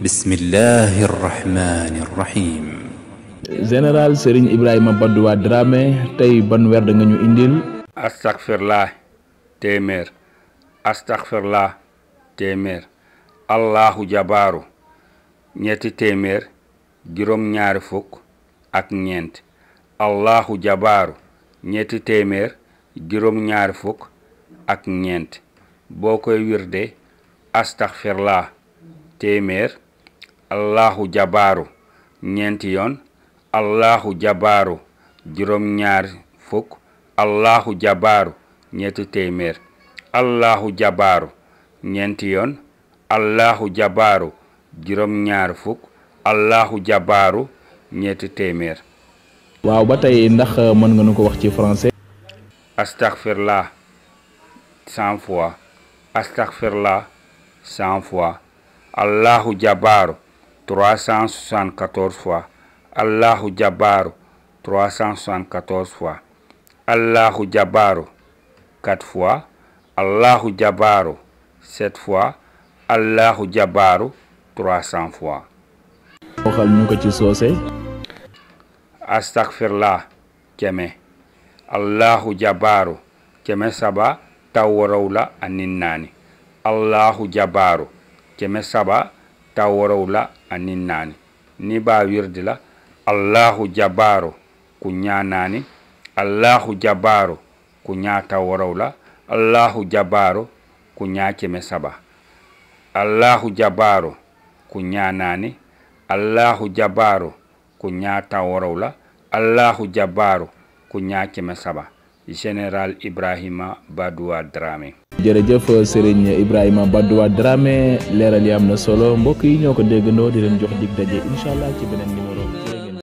bismillahi rahmani rahim Ibrahima Badouwa Dramé tey ban werd nga ñu indil astaghfirullah téeméer astaghfirullah téeméer allahu jabaaru ñetti téeméer juróom ñaari fukk ak ñeent allahu boo koy wirde astaghfirullah téeméer allahu jabaaru ñeenti jabaaru juróom-ñaar fukk jabaaru ñeenti yoon allahu jabaaru juróom-ñaar jabaaru ñetti téeméer waaw ba tey ndax euh, mën nga nu ko wax ci français astaghfirullah cent fois astaghfirullah cent fois allahu jabaaru 374 fois allahu jabbaaru 374 fois allahu jabbaaru 4 fois allahu jabbaaru 7 fois allahu jabbaaru 300 fois waxal ñu ko ci soose astagfirlah keme allahu jabbaaru keme saba tawwarawla aninnaani allahu jabbaaru keme saba tawaraw la ani naani ni la allahu jabaaro ku ña naani allahu jabaaro ku ña tawaraw la allahu jabaaro ku ñaa keme saba allahu jabaaro ku ña naani allahu jabaaro ku ña tawaraw la allahu jabaaro ku ña keme saba général ibrahima baduwa dramé jërëjëf euh, Serigne Ibrahima Badoua Dramé leeral yi am na solo mbokk yi ñoo ko déggandoo di leen jox dig daje incha allah ci beneen numéro.